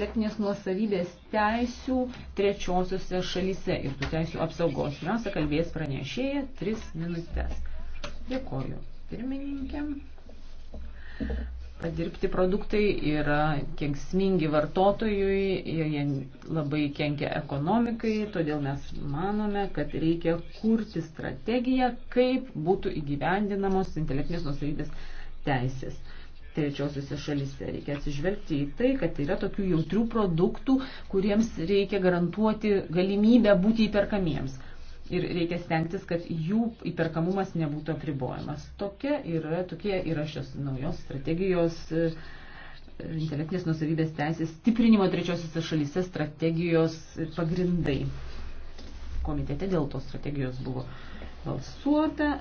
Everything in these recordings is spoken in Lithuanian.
intelektinės nuosavybės teisių trečiosiuose šalyse ir tų teisių apsaugos. Pirmiausia, kalbės pranešėja 3 minutės. Dėkoju pirmininkėm. Padirbti produktai yra kenksmingi vartotojui, jie labai kenkia ekonomikai, todėl mes manome, kad reikia kurti strategiją, kaip būtų įgyvendinamos intelektinės nusavybės teisės trečiosiuose šalyse. Reikia atsižvelgti į tai, kad yra tokių jautrių produktų, kuriems reikia garantuoti galimybę būti įperkamiems. Ir reikia stengtis, kad jų įperkamumas nebūtų apribojamas. Tokia yra, tokie yra šios naujos strategijos e, intelektinės nusavybės teisės stiprinimo trečiosiuose šalyse strategijos pagrindai. Komitete dėl tos strategijos buvo balsuota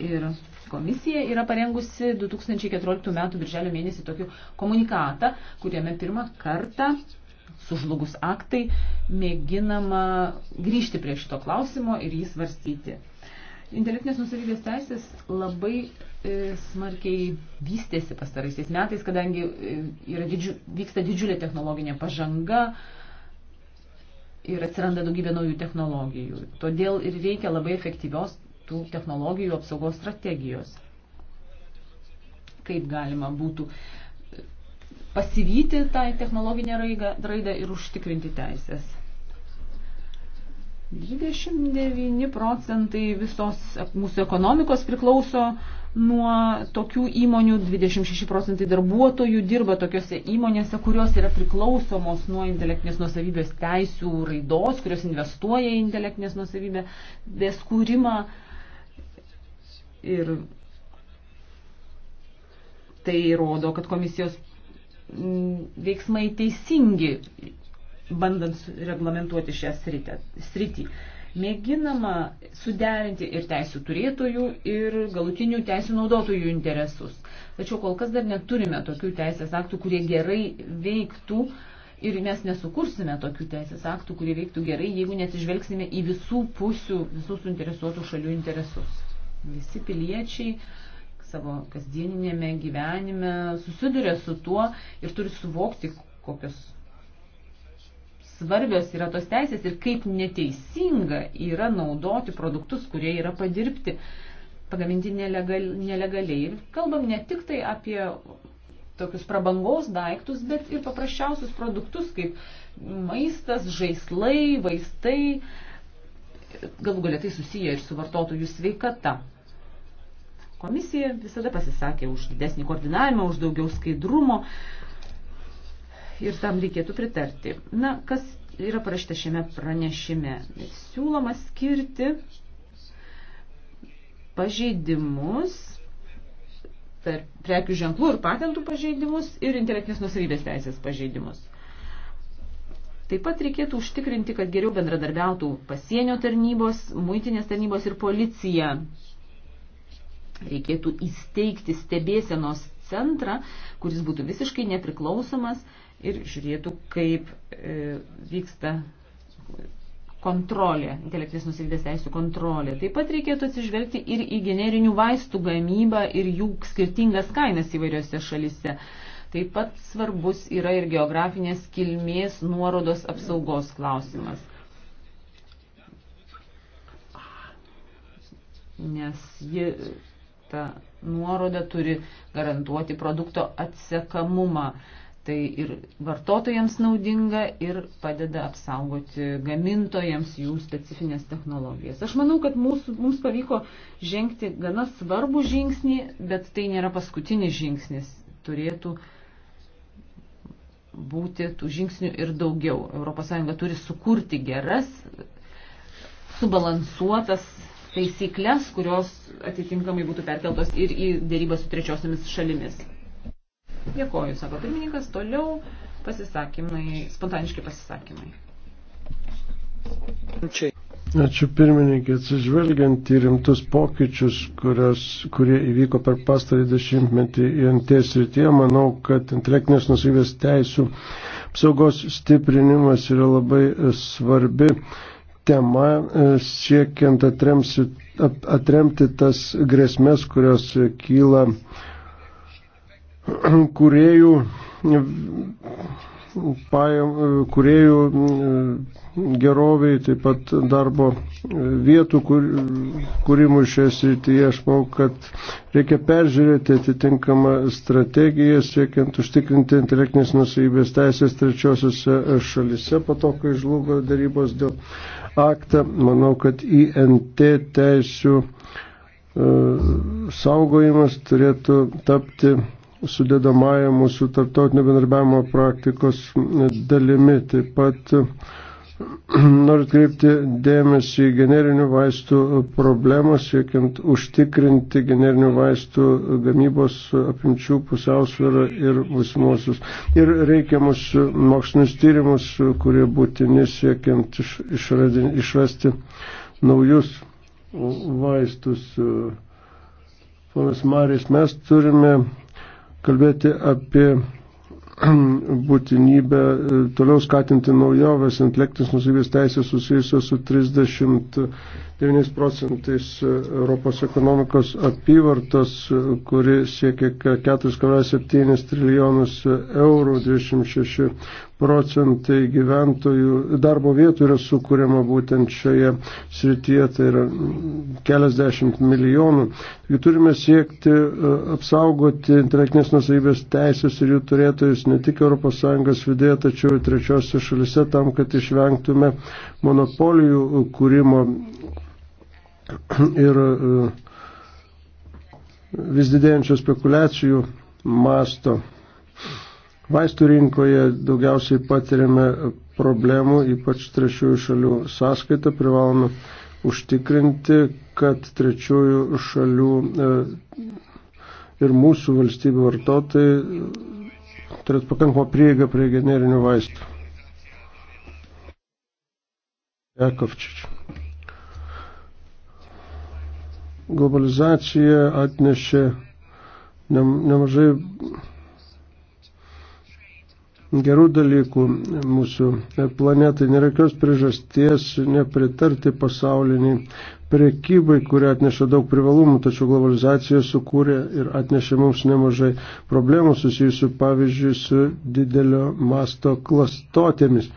ir komisija yra parengusi 2014 m. birželio mėnesį tokį komunikatą, kuriame pirmą kartą sužlugus aktai mėginama grįžti prie šito klausimo ir jį svarstyti. Intelektinės nusavybės teisės labai e, smarkiai vystėsi pastaraisiais metais, kadangi e, yra didžiu, vyksta didžiulė technologinė pažanga ir atsiranda daugybė naujų technologijų. Todėl ir reikia labai efektyvios tų technologijų apsaugos strategijos. Kaip galima būtų pasivyti tą technologinę raidą ir užtikrinti teisės. 29 procentai visos mūsų ekonomikos priklauso nuo tokių įmonių 26 procentai darbuotojų dirba tokiuose įmonėse, kurios yra priklausomos nuo intelektinės nusavybės teisų raidos, kurios investuoja į intelektinės nusavybės kūrimą. Uh, Ir tai rodo, kad komisijos mm, veiksmai teisingi, bandant reglamentuoti šią sritį. Mėginama suderinti ir teisų turėtojų, ir galutinių teisų naudotojų interesus. Tačiau kol kas dar neturime tokių teisės aktų, kurie gerai veiktų ir mes nesukursime tokių teisės aktų, kurie veiktų gerai, jeigu neatsižvelgsime į visų pusių, visų suinteresuotų šalių interesus. Visi piliečiai savo kasdieninėme gyvenime susiduria su tuo ir turi suvokti, kokios svarbios yra tos teisės ir kaip neteisinga yra naudoti produktus, kurie yra padirbti, pagaminti nelegal, nelegaliai. Ir kalbam ne tik tai apie tokius prabangos daiktus, bet ir paprasčiausius produktus kaip maistas, žaislai, vaistai. Uh, galų galia tai susiję ir su vartotojų sveikata. Komisija visada pasisakė už didesnį koordinavimą, už daugiau skaidrumo ir tam reikėtų pritarti. Na, kas yra parašyta šiame pranešime? Siūloma skirti pažeidimus per prekių ženklų ir patentų pažeidimus ir intelektinės nusavybės teisės pažeidimus. Taip pat reikėtų užtikrinti, kad geriau bendradarbiautų pasienio tarnybos, muitinės tarnybos ir policija. Reikėtų įsteigti stebėsenos centrą, kuris būtų visiškai nepriklausomas ir žiūrėtų, kaip e, vyksta kontrolė, intelektinės nusivydės teisų kontrolė. Taip pat reikėtų atsižvelgti ir į generinių vaistų gamybą ir jų skirtingas kainas įvairiose šalise. Taip pat svarbus yra ir geografinės kilmės nuorodos apsaugos klausimas. Nes ji, ta nuoroda turi garantuoti produkto atsekamumą. Tai ir vartotojams naudinga ir padeda apsaugoti gamintojams jų specifines technologijas. Aš manau, kad mūsų, mums pavyko žengti gana svarbų žingsnį, bet tai nėra paskutinis žingsnis. Turėtų uh, būti tų žingsnių ir daugiau. ES turi sukurti geras, subalansuotas taisyklės, kurios atitinkamai būtų perkeltos ir į dėrybą su trečiosiamis šalimis. Dėkoju, sako pirmininkas. Toliau pasisakymai, spontaniški pasisakymai. Čia. Ačiū pirmininkė, atsižvelgiant į rimtus pokyčius, kurios, kurie įvyko per pastarį dešimtmetį į anties rytie, manau, kad intelektinės nusivės teisų apsaugos stiprinimas yra labai e, svarbi tema, e, siekiant atremsi, atremti tas grėsmės, kurios kyla kuriejų kuriejų mm, geroviai, taip pat darbo e, vietų kur, kūrimui šioje srityje. Aš manau, kad reikia peržiūrėti atitinkamą strategiją, siekiant užtikrinti intelektinės nusavybės teisės trečiosiuose šalise. Po to, kai žlugo darybos dėl aktą, manau, kad INT teisių e, saugojimas turėtų tapti sudėdamąją mūsų tarptautinio bendarbiavimo praktikos dalimi. Taip pat noriu kreipti dėmesį į generinių vaistų problemą, siekiant užtikrinti generinių vaistų gamybos apimčių pusiausvyrą ir būsimuosius. Ir reikiamus mokslinius tyrimus, kurie būtini siekiant išrasti naujus vaistus. Ponas Maris, mes turime kalbėti apie būtinybę e, toliau skatinti naujoves, intelektinės nusivės teisės susijusios su 30 9 procentais Europos ekonomikos apyvartos, kuri siekia 4,7 trilijonus eurų, 26 procentai gyventojų darbo vietų yra sukūriama būtent šioje srityje, tai yra keliasdešimt milijonų. Taigi turime siekti e, apsaugoti intelektinės nusavybės teisės ir jų turėtojus ne tik ES vidėje, tačiau ir trečiosios šalise tam, kad išvengtume monopolijų kūrimo ir e, vis didėjančio spekulacijų masto. Vaistų rinkoje daugiausiai patiriame problemų, ypač trečiųjų šalių sąskaitą. Privalome užtikrinti, kad trečiųjų šalių e, ir mūsų valstybių vartotojai e, turėtų pakankamą prieigą prie generinių vaistų. Jakovčičių globalizacija atnešė nemažai gerų dalykų mūsų planetai. Nėra jokios priežasties nepritarti pasauliniai prekybai, kuri atneša daug privalumų, tačiau globalizacija sukūrė ir atnešė mums nemažai problemų susijusių, pavyzdžiui, su didelio masto klastotėmis.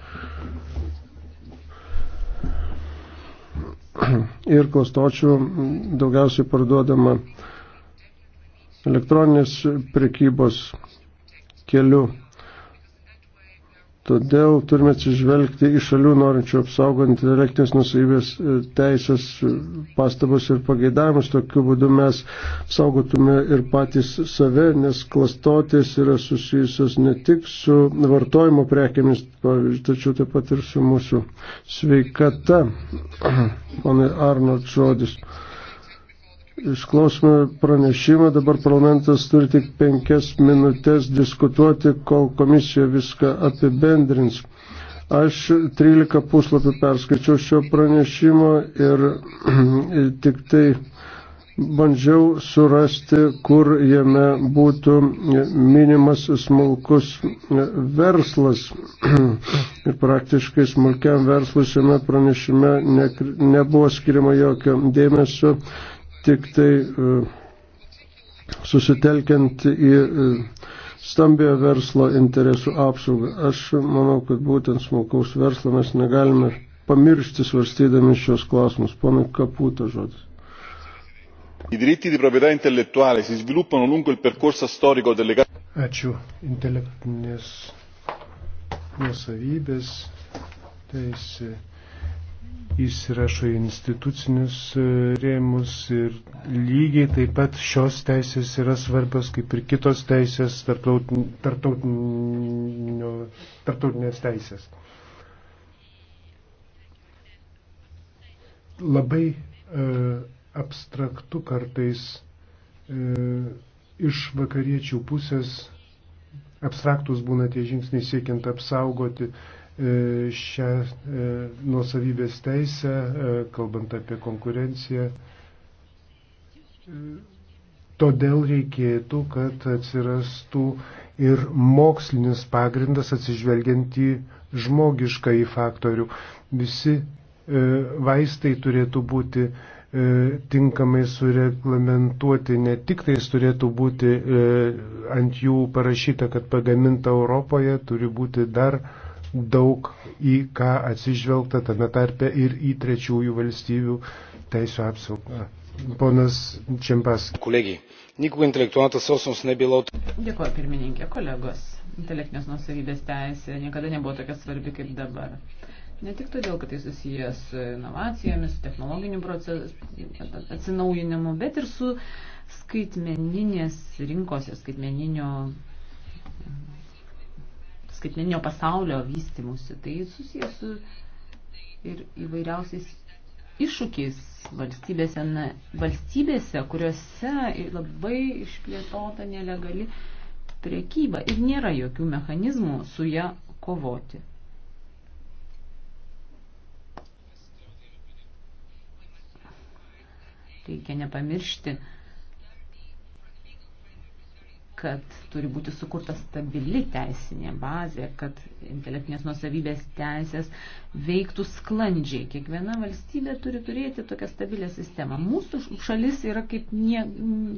ir klastočių daugiausiai parduodama elektroninės prekybos keliu. Todėl turime atsižvelgti į šalių norinčių apsaugant intelektinės nusavybės e, teisės e, pastabus ir pageidavimus. Tokiu būdu mes saugotume ir patys save, nes klastotės yra susijusios ne tik su vartojimo prekiamis, tačiau taip pat ir su mūsų sveikata. Pane Arnold žodis. Išklausome pranešimą, dabar parlamentas turi tik penkias minutės diskutuoti, kol komisija viską apibendrins. Aš 13 puslapį perskaičiau šio pranešimo ir tik tai bandžiau surasti, kur jame būtų minimas smulkus verslas. ir praktiškai smulkiam verslui šiame pranešime ne, nebuvo skiriama jokio dėmesio tik tai e, susitelkiant į e, stambiojo verslo interesų apsaugą. Aš manau, kad būtent smulkaus verslo mes negalime pamiršti svarstydami šios klausimus. Pana Kaputo žodis i diritti di proprietà intellettuale si sviluppano lungo il percorso storico delle Ačiū. Intelektinės nuosavybės teisė įsirašo į institucinius e, rėmus ir lygiai taip pat šios teisės yra svarbios kaip ir kitos teisės, tarptautinės teisės. Labai e, abstraktu kartais e, iš vakariečių pusės abstraktus būna tie žingsniai siekiant apsaugoti e, E, šią e, nuosavybės teisę, e, kalbant apie konkurenciją. Todėl reikėtų, kad atsirastų ir mokslinis pagrindas atsižvelgiant į žmogišką į faktorių. Visi vaistai turėtų būti tinkamai sureglamentuoti, ne tik tais turėtų būti ant jų parašyta, kad pagaminta Europoje, turi būti dar daug į ką atsižvelgta tame tarpe ir į trečiųjų valstybių teisų apsaugą. Ponas Čempas. Kolegiai, nikų intelektualata sosnos nebėlau. Dėkuoju, pirmininkė, kolegos. Intelektinės nusavybės teisė niekada nebuvo tokia svarbi kaip dabar. Ne tik todėl, kad tai susijęs su inovacijomis, su technologiniu procesu, atsinaujinimu, bet ir su skaitmeninės rinkos ir skaitmeninio skaitmeninio pasaulio vystimusi. Tai susijęs su ir įvairiausiais iššūkiais valstybėse, na, valstybėse kuriuose labai išplėtota nelegali priekyba ir nėra jokių mechanizmų su ją kovoti. Reikia nepamiršti, kad turi būti sukurta stabili teisinė bazė, kad intelektinės nusavybės teisės veiktų sklandžiai. Kiekviena valstybė turi turėti tokią stabilę sistemą. Mūsų šalis yra kaip nie,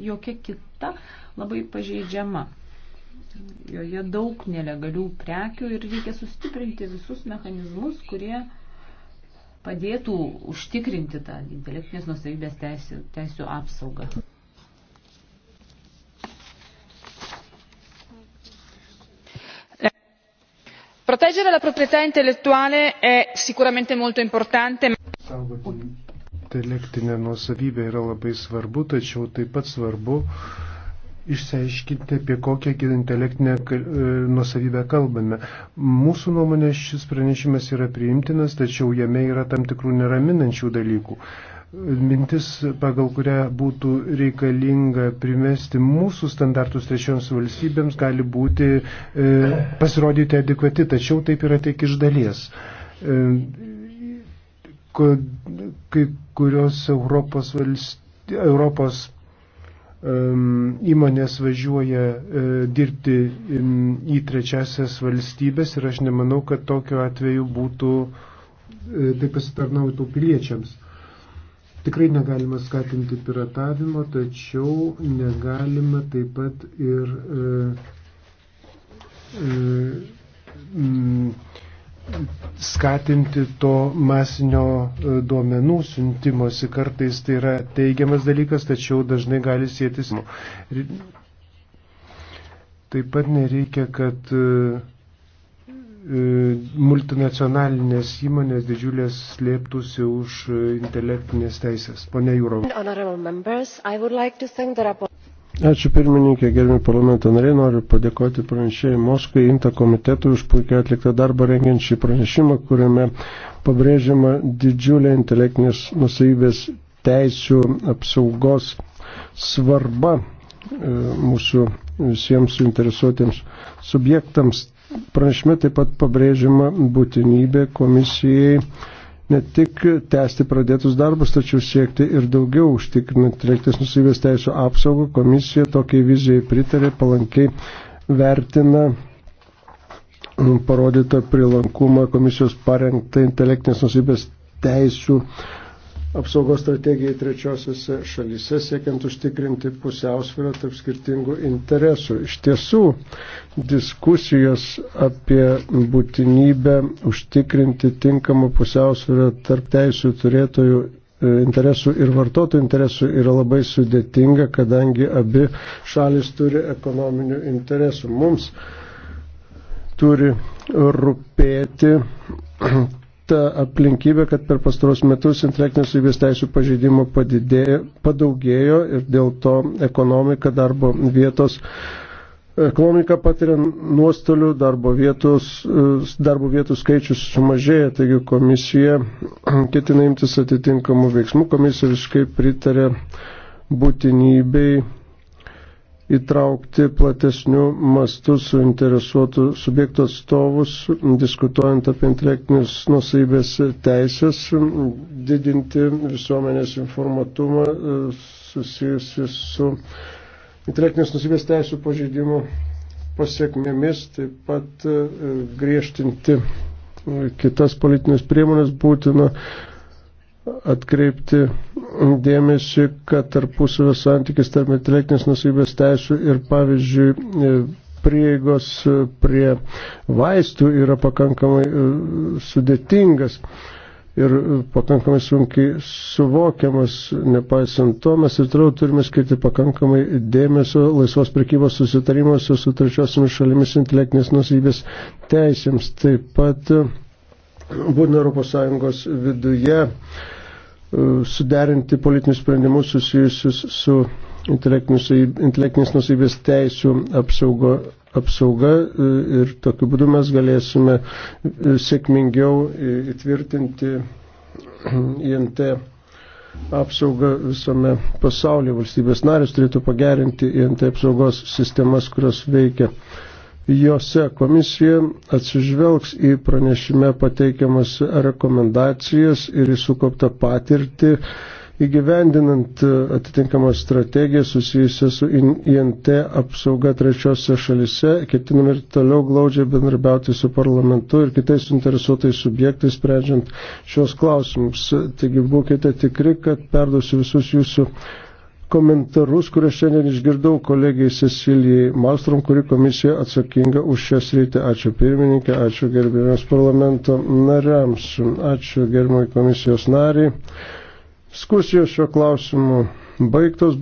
jokia kita labai pažeidžiama. Joje daug nelegalių prekių ir reikia sustiprinti visus mechanizmus, kurie padėtų užtikrinti tą intelektinės nusavybės teisų, teisų apsaugą. proteggere la proprietà intellettuale è sicuramente molto importante. saugoti intelektinę nuosavybę yra labai svarbu tačiau taip pat svarbu išsiaiškinti, apie kokią intelektinę e, nusavybę kalbame. Mūsų nuomonė šis pranešimas yra priimtinas, tačiau jame yra tam tikrų neraminančių dalykų mintis, pagal kurią būtų reikalinga primesti mūsų standartus trečioms valstybėms, gali būti e, pasirodyti adekvati, tačiau taip yra tik iš dalies. E, kai kurios Europos, valst... Europos įmonės važiuoja e, dirbti į trečiasias valstybės ir aš nemanau, kad tokiu atveju būtų tai pasitarnautų piliečiams. Tikrai negalime skatinti piratavimo, tačiau negalime taip pat ir e, e, mm, skatinti to masinio e, duomenų siuntimosi. Kartais tai yra teigiamas dalykas, tačiau dažnai gali sėtis. Taip pat nereikia, kad e, E, multinacionalinės įmonės didžiulės slėptųsi už e, intelektinės teisės. Pone Jūrov. Ačiū pirmininkė, gerbimi parlamento nariai, noriu padėkoti pranešėjai Moskvai, INTA komitetui už puikiai atliktą darbą rengiant šį pranešimą, kuriame pabrėžiama didžiulė intelektinės nusavybės teisių apsaugos svarba e, mūsų visiems suinteresuotiems subjektams Pranešime taip pat pabrėžiama būtinybė komisijai ne tik tęsti pradėtus darbus, tačiau siekti ir daugiau užtikrinant reiktas nusivės teisų apsaugą. Komisija tokiai vizijai pritarė, palankiai vertina parodytą prilankumą komisijos parengtą intelektinės nusivės teisų apsaugą apsaugos strategijai trečiosiose šalyse, siekiant užtikrinti pusiausvyrą tarp skirtingų interesų. Iš tiesų, diskusijos apie būtinybę užtikrinti tinkamą pusiausvyrą tarp teisų turėtojų e, interesų ir vartotojų interesų yra labai sudėtinga, kadangi abi šalis turi ekonominių interesų. Mums turi rūpėti ta aplinkybė, kad per pastaros metus intelektinės lygybės teisų pažeidimo padidėjo, padaugėjo ir dėl to ekonomika darbo vietos. Ekonomika patiria nuostolių, darbo, vietos, darbo vietų skaičius sumažėja, taigi komisija ketina imtis atitinkamų veiksmų, komisija visiškai pritarė būtinybei įtraukti platesnių mastų suinteresuotų subjektų atstovus, diskutuojant apie intelektinės nusaibės teisės, didinti visuomenės informatumą e, susijusi su intelektinės nusaibės teisų pažeidimu pasiekmėmis, taip pat e, griežtinti e, kitas politinės priemonės būtina atkreipti dėmesį, kad tarpusavio santykis tarp intelektinės nusavybės teisų ir pavyzdžiui e, prieigos e, prie vaistų yra pakankamai e, sudėtingas ir pakankamai sunkiai suvokiamas. Nepaisant to, mes ir toliau turime skirti pakankamai dėmesio laisvos prekybos susitarimuose su trečiosiomis šalimis intelektinės nusavybės teisėms. Taip pat būtent ES viduje suderinti politinius sprendimus susijusius su intelektinės nusavybės teisų apsaugo, apsauga e, ir tokiu būdu mes galėsime e, sėkmingiau e, įtvirtinti INT apsaugą visame pasaulyje. Valstybės narės turėtų pagerinti INT apsaugos sistemas, kurios veikia Jose komisija atsižvelgs į pranešime pateikiamas rekomendacijas ir į sukauptą patirtį įgyvendinant atitinkamą strategiją susijusią su INT apsauga trečiose šalise, ketiname ir toliau glaudžiai bendrabiauti su parlamentu ir kitais suinteresuotais subjektais, sprendžiant šios klausimus. Taigi būkite tikri, kad perduosiu visus jūsų komentarus, kuriuos šiandien išgirdau kolegijai Cecilijai Malstrom, kuri komisija atsakinga už šią sritį. Ačiū pirmininkė, ačiū gerbėjams parlamento nariams, ačiū gerbėjai komisijos nariai. Diskusijos šio klausimu baigtos.